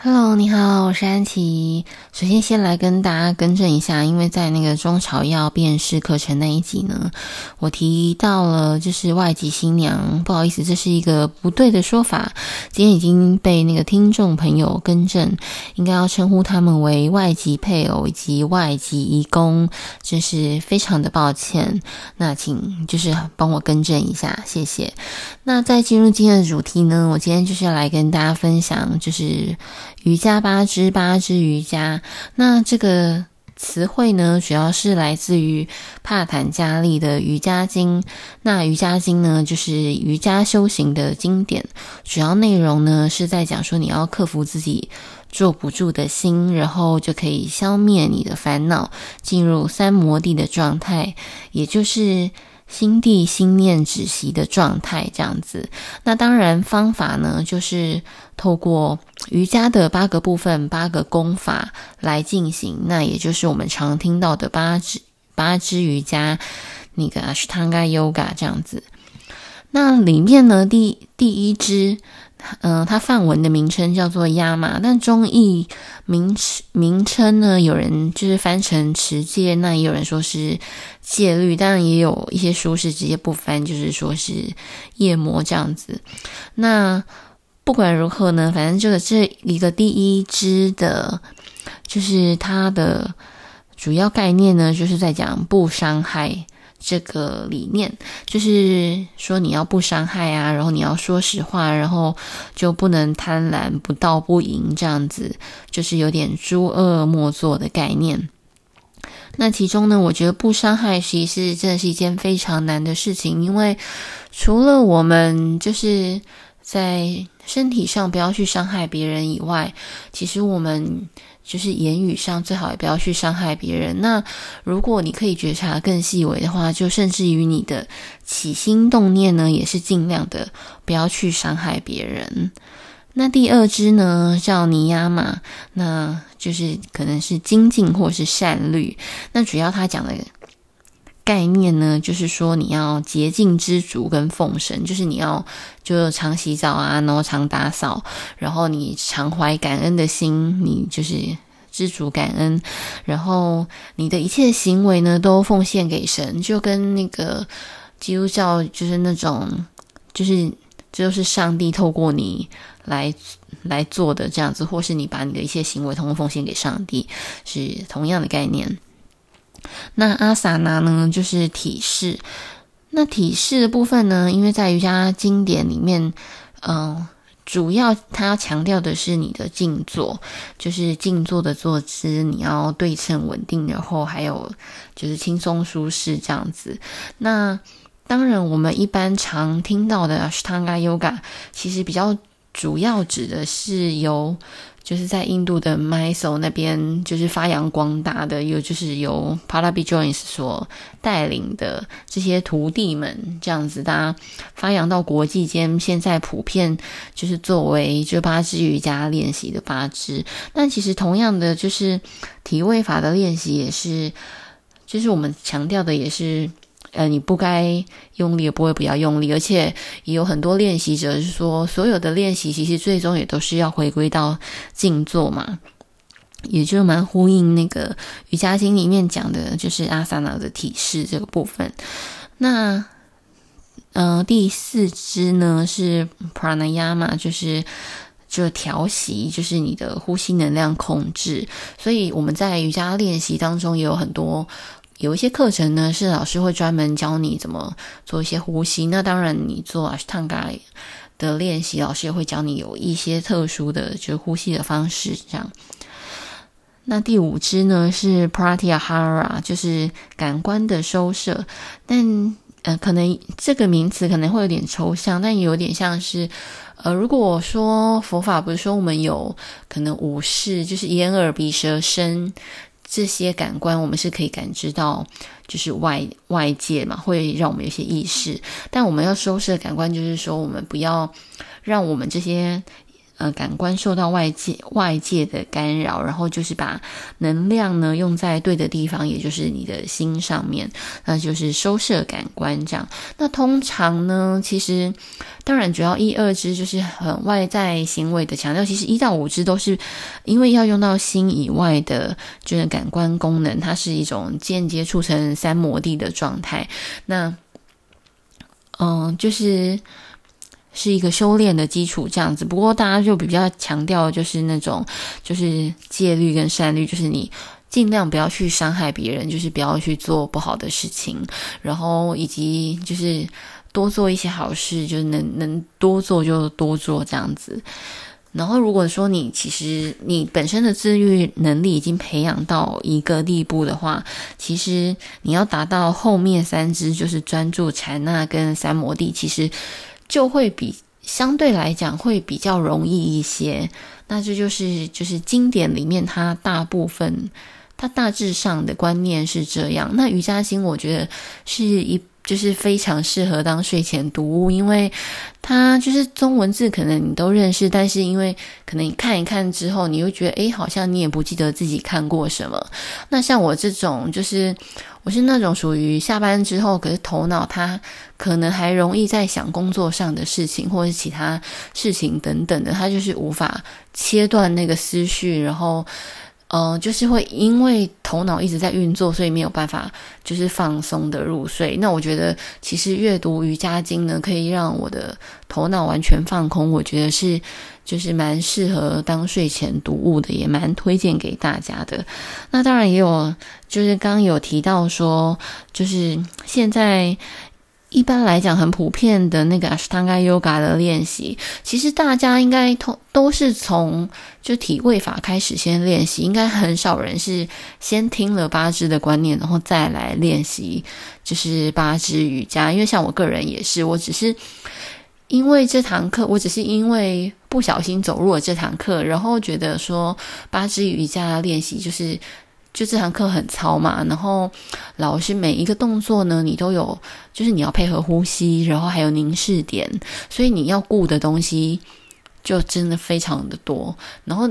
Hello，你好，我是安琪。首先，先來跟大家更正一下，因為在那個中草藥辨識課程那一集呢，我提到了就是外籍新娘，不好意思，這是一個不對的說法。今天已經被那個聽眾朋友更正，應該要稱呼他們為外籍配偶以及外籍移工，真是非常的抱歉。那請就是幫我更正一下，謝謝。那再進入今天的主題呢，我今天就是要來跟大家分享，就是。瑜伽八支，八支瑜伽。那這個詞彙呢，主要是來自於帕坦加利的瑜伽經。那瑜伽經呢，就是瑜伽修行的經典。主要內容呢，是在講說你要克服自己坐不住的心，然後就可以消滅你的煩惱，進入三摩地的狀態，也就是心地心念止息的狀態，這樣子。那當然方法呢，就是透過。瑜伽的八個部分、八個功法來進行，那也就是我們常聽到的八支八支瑜伽，那個 Ashtanga Yoga 這樣子。那裡面呢，第第一支，嗯、呃，它梵文的名稱叫做 Yama，但中譯名名稱呢，有人就是翻成持戒，那也有人說是戒律，當然也有一些書是直接不翻，就是說是夜魔這樣子。那不管如何呢，反正這個這一個第一支的，就是它的主要概念呢，就是在講不傷害這個理念，就是說你要不傷害啊，然後你要說實話，然後就不能貪婪，不盜、不淫這樣子，就是有點諸惡莫作的概念。那其中呢，我覺得不傷害其實是真的是一件非常難的事情，因為除了我們就是。在身體上不要去傷害別人以外，其實我們就是言語上最好也不要去傷害別人。那如果你可以覺察更細微的話，就甚至於你的起心動念呢，也是儘量的不要去傷害別人。那第二支呢，叫尼亞瑪，那就是可能是精進或是善律。那主要他講的。概念呢，就是說你要潔淨、知足、跟奉神，就是你要就常洗澡啊，然後常打掃，然後你常懷感恩的心，你就是知足感恩，然後你的一切行為呢，都奉獻給神，就跟那個基督教就是那種，就是這都是上帝透過你來來做的這樣子，或是你把你的一切行為通過奉獻給上帝，是同樣的概念。那阿薩拿呢，就是體式。那體式的部分呢，因為在瑜伽經典裡面，嗯、呃，主要它要強調的是你的靜坐，就是靜坐的坐姿，你要對稱穩定，然後還有就是輕鬆舒適這樣子。那當然，我們一般常聽到的阿斯湯加 yoga，其實比較。主要指的是由，就是在印度的 Mysore 那邊，就是發揚光大的，有就是由 Pattabhi Jois 所帶領的這些徒弟們，這樣子大家發揚到國際間，現在普遍就是作為就八支瑜伽練習的八支。但其實同樣的，就是體位法的練習也是，就是我們強調的也是。呃，你不該用力，也不會不要用力，而且也有很多練習者是說，所有的練習其實最終也都是要回歸到靜坐嘛，也就蠻呼應那個瑜伽經裡面講的，就是阿薩納的體式這個部分。那，嗯、呃，第四支呢是 pranayama，就是就調息，就是你的呼吸能量控制。所以我們在瑜伽練習當中也有很多。有一些課程呢，是老師會專門教你怎麼做一些呼吸。那當然，你做阿斯湯加的練習，老師也會教你有一些特殊的，就是呼吸的方式。這樣，那第五支呢是 pratyahara，就是感官的收攝。但，呃，可能這個名詞可能會有點抽象，但有點像是，呃，如果說佛法，不是說我們有可能五識，就是眼、耳、鼻、舌、身。這些感官，我們是可以感知到，就是外外界嘛，會讓我們有些意識。但我們要收攝的感官，就是說，我們不要讓我們這些。呃，感官受到外界外界的干擾，然後就是把能量呢用在對的地方，也就是你的心上面，那、呃、就是收攝感官這樣。那通常呢，其實當然主要一、二支就是很外在行為的強調，其實一到五支都是因為要用到心以外的，就是感官功能，它是一種間接促成三摩地的狀態。那嗯、呃，就是。是一個修煉的基礎，這樣子。不過大家就比較強調，就是那種就是戒律跟善律，就是你儘量不要去傷害別人，就是不要去做不好的事情，然後以及就是多做一些好事，就是能能多做就多做這樣子。然後如果說你其實你本身的自律能力已經培養到一個地步的話，其實你要達到後面三支就是專注禪那跟三摩地，其實。就會比相對來講會比較容易一些，那這就是就是經典裡面它大部分，它大致上的觀念是這樣。那瑜伽經我覺得是一。就是非常適合當睡前讀物，因為它就是中文字，可能你都認識，但是因為可能你看一看之後，你會覺得，誒，好像你也不記得自己看過什麼。那像我這種，就是我是那種屬於下班之後，可是頭腦它可能還容易在想工作上的事情或者其他事情等等的，它就是無法切斷那個思緒，然後。嗯、呃，就是會因為頭腦一直在運作，所以沒有辦法就是放鬆的入睡。那我覺得，其實閱讀瑜伽經呢，可以讓我的頭腦完全放空。我覺得是就是蠻適合當睡前讀物的，也蠻推薦給大家的。那當然也有，就是剛剛有提到說，就是現在。一般來講，很普遍的那個阿斯湯加瑜伽的練習，其實大家應該都都是從就體位法開始先練習，應該很少人是先聽了八支的觀念，然後再來練習就是八支瑜伽。因為像我個人也是，我只是因為這堂課，我只是因為不小心走入了這堂課，然後覺得說八支瑜伽練習就是。就這堂課很操嘛，然後老師每一個動作呢，你都有，就是你要配合呼吸，然後還有凝視點，所以你要顧的東西就真的非常的多，然後。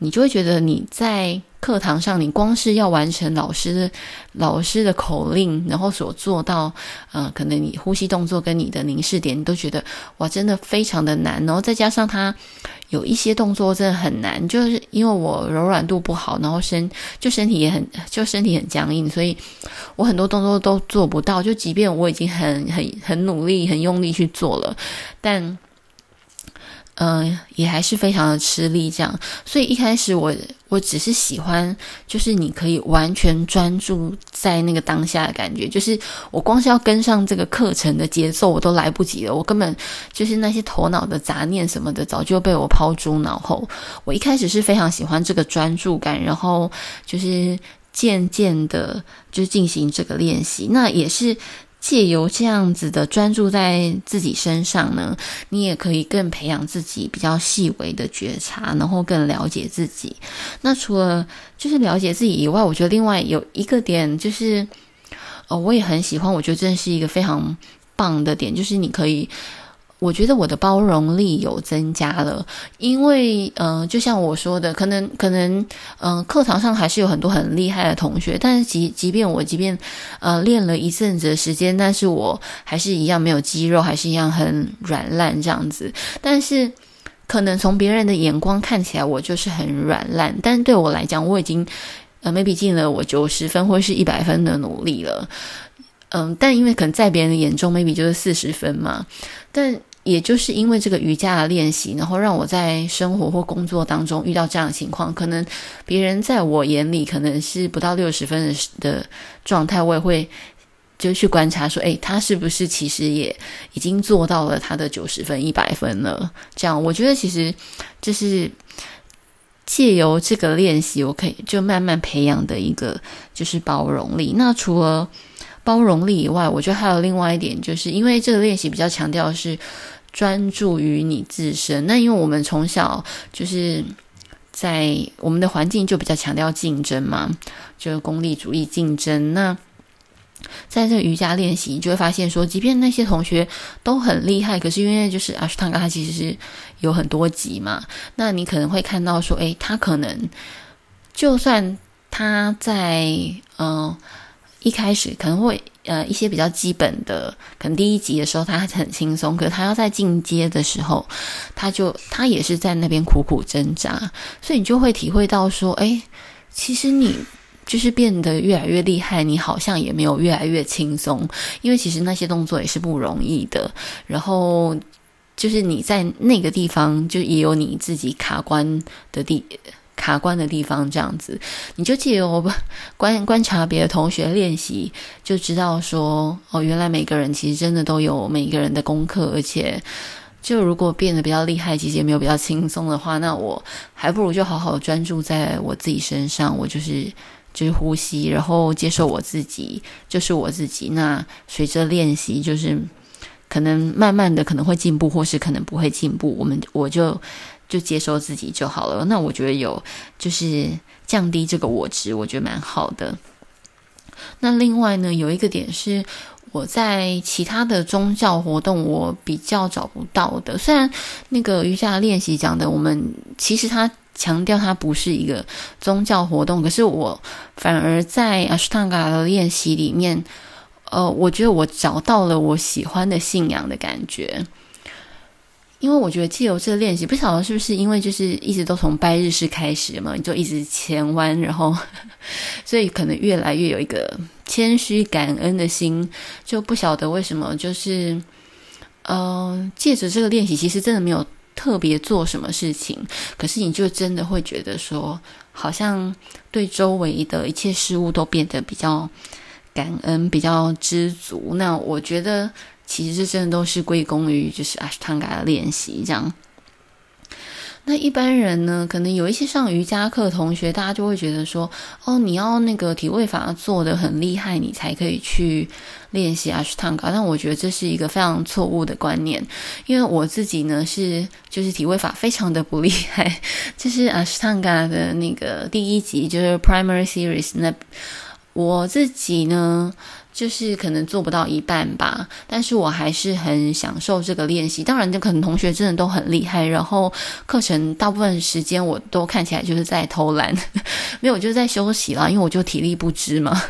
你就會覺得你在課堂上，你光是要完成老師的老師的口令，然後所做到，呃，可能你呼吸動作跟你的凝視點，你都覺得哇，真的非常的難。然後再加上它有一些動作真的很難，就是因為我柔軟度不好，然後身就身體也很就身體很僵硬，所以我很多動作都做不到。就即便我已經很很很努力、很用力去做了，但。嗯、呃，也還是非常的吃力，這樣。所以一開始我我只是喜歡，就是你可以完全專注在那個當下的感覺，就是我光是要跟上這個課程的節奏，我都來不及了。我根本就是那些頭腦的雜念什麼的，早就被我拋諸腦後。我一開始是非常喜歡這個專注感，然後就是漸漸的就進行這個練習，那也是。借由這樣子的專注在自己身上呢，你也可以更培養自己比較細微的覺察，然後更了解自己。那除了就是了解自己以外，我覺得另外有一個點就是，哦、呃，我也很喜歡，我覺得這是一個非常棒的點，就是你可以。我覺得我的包容力有增加了，因為呃，就像我說的，可能可能，嗯、呃，課堂上還是有很多很厲害的同學，但是即即便我即便呃練了一陣子的時間，但是我還是一樣沒有肌肉，還是一樣很軟爛這樣子。但是可能從別人的眼光看起來，我就是很軟爛，但對我來講，我已經呃 maybe 盡了我九十分或者是一百分的努力了，嗯、呃，但因為可能在別人的眼中，maybe 就是四十分嘛，但。也就是因為這個瑜伽的練習，然後讓我在生活或工作當中遇到這樣的情況，可能別人在我眼裡可能是不到六十分的狀態，我也會就去觀察說，哎，他是不是其實也已經做到了他的九十分、一百分了？這樣，我覺得其實就是借由這個練習，我可以就慢慢培養的一個就是包容力。那除了。包容力以外，我覺得還有另外一點，就是因為這個練習比較強調的是專注於你自身。那因為我們從小就是在我們的環境就比較強調競爭嘛，就是功利主義競爭。那在這個瑜伽練習，你就會發現說，即便那些同學都很厲害，可是因為就是阿斯湯伽它其實是有很多級嘛，那你可能會看到說，誒，他可能就算他在嗯……呃一開始可能會呃一些比較基本的。可能第一集的時候他很輕鬆，可是他要在進階的時候，他就他也是在那邊苦苦掙扎，所以你就會體會到說，哎，其實你就是變得越來越厲害，你好像也沒有越來越輕鬆，因為其實那些動作也是不容易的，然後就是你在那個地方就也有你自己卡關的地。卡關的地方，這樣子，你就借由我觀觀察別的同學練習，就知道說哦，原來每個人其實真的都有每一個人的功課，而且就如果變得比較厲害，其實也沒有比較輕鬆的話，那我還不如就好好專注在我自己身上，我就是就是呼吸，然後接受我自己，就是我自己。那隨着練習，就是可能慢慢的可能會進步，或是可能不會進步，我們我就。就接受自己就好了。那我覺得有，就是降低這個我執，我覺得蠻好的。那另外呢，有一個點是我在其他的宗教活動我比較找不到的。雖然那個瑜伽練習講的，我們其實它強調它不是一個宗教活動，可是我反而在阿斯湯嘎的練習裡面，呃，我覺得我找到了我喜歡的信仰的感覺。因為我覺得借由這個練習，不曉得是不是因為就是一直都從拜日式開始嘛，你就一直前彎，然後呵呵所以可能越來越有一個謙虛感恩的心，就不曉得為什麼就是，呃，借着這個練習，其實真的沒有特別做什麼事情，可是你就真的會覺得說，好像對周圍的一切事物都變得比較感恩、比較知足。那我覺得。其實這真的都是歸功於就是阿斯湯加的練習這樣。那一般人呢，可能有一些上瑜伽課的同學，大家就會覺得說：“哦，你要那個體位法做得很厲害，你才可以去練習阿斯湯加。”但我覺得這是一個非常錯誤的觀念，因為我自己呢是就是體位法非常的不厲害，就是阿斯湯加的那個第一集就是 Primary Series 那我自己呢。就是可能做不到一半吧，但是我還是很享受這個練習。當然，就可能同學真的都很厲害，然後課程大部分時間我都看起來就是在偷懶，沒有，我就是在休息啦，因為我就體力不支嘛。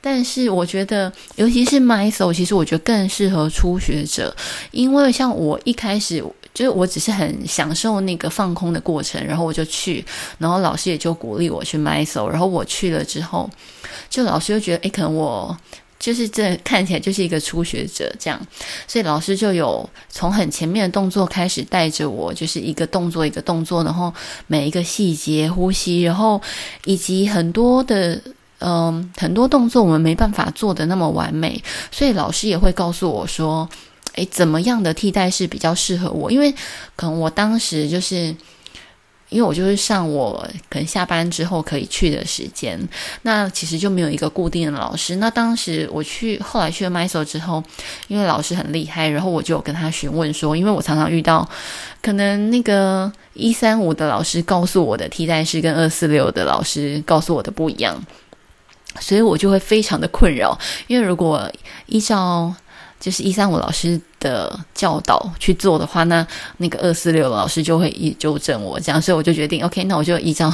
但是我覺得，尤其是 Mysore，其實我覺得更適合初學者，因為像我一開始。就是我只是很享受那個放空的過程，然後我就去，然後老師也就鼓勵我去 Mysore，然後我去了之後，就老師就覺得，哎，可能我就是這看起來就是一個初學者這樣，所以老師就有從很前面的動作開始帶着我，就是一個動作一個動作，然後每一個細節呼吸，然後以及很多的嗯、呃、很多動作我們沒辦法做的那麼完美，所以老師也會告訴我說。哎，怎麼樣的替代式比較適合我？因為可能我當時就是因為我就是上我可能下班之後可以去的時間，那其實就沒有一個固定的老師。那當時我去後來去了 Mysore 之後，因為老師很厲害，然後我就有跟他詢問說，因為我常常遇到可能那個一三五的老師告訴我的替代式跟二四六的老師告訴我的不一樣，所以我就會非常的困擾。因為如果依照就是一三五老師的教導去做的話，那那個二四六老師就會一糾正我，這樣，所以我就決定，OK，那我就依照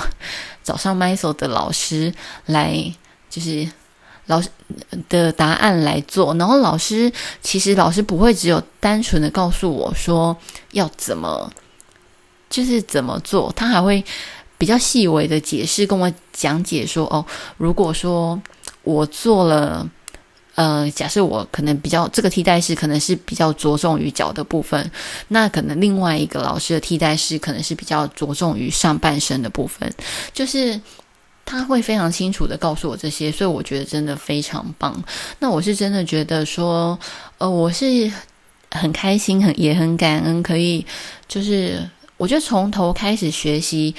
早上 Mysore 的老師來，就是老師的答案來做。然後老師其實老師不會只有單純的告訴我說要怎麼，就是怎麼做，他還會比較細微的解釋跟我講解說，哦，如果說我做了。呃，假設我可能比較這個替代式，可能是比較着重於腳的部分。那可能另外一個老師的替代式，可能是比較着重於上半身的部分。就是他會非常清楚地告訴我這些，所以我覺得真的非常棒。那我是真的覺得說，呃，我是很開心，很也很感恩，可以就是，我就從頭開始學習。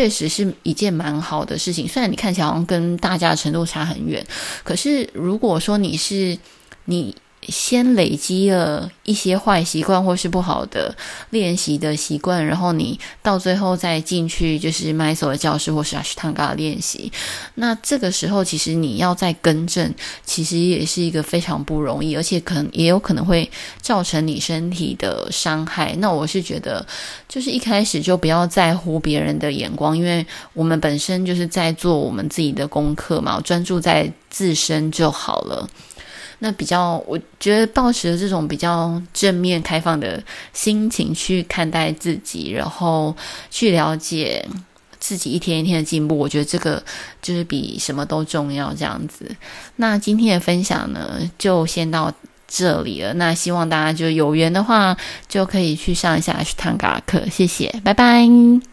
確實是一件蠻好的事情，雖然你看起來好像跟大家的程度差很遠，可是如果說你是你，先累積了一些壞習慣或是不好的練習的習慣，然後你到最後再進去就是邁索的教室或是阿斯湯加的練習，那這個時候其實你要再更正，其實也是一個非常不容易，而且可能也有可能會造成你身體的傷害。那我是覺得，就是一開始就不要在乎別人的眼光，因為我們本身就是在做我們自己的功課嘛，專注在自身就好了。那比較，我覺得抱持著這種比較正面、開放的心情去看待自己，然後去了解自己一天一天的進步，我覺得這個就是比什麼都重要。這樣子，那今天的分享呢，就先到這裡了。那希望大家就有緣的話，就可以去上一下去探嘎課。謝謝，拜拜。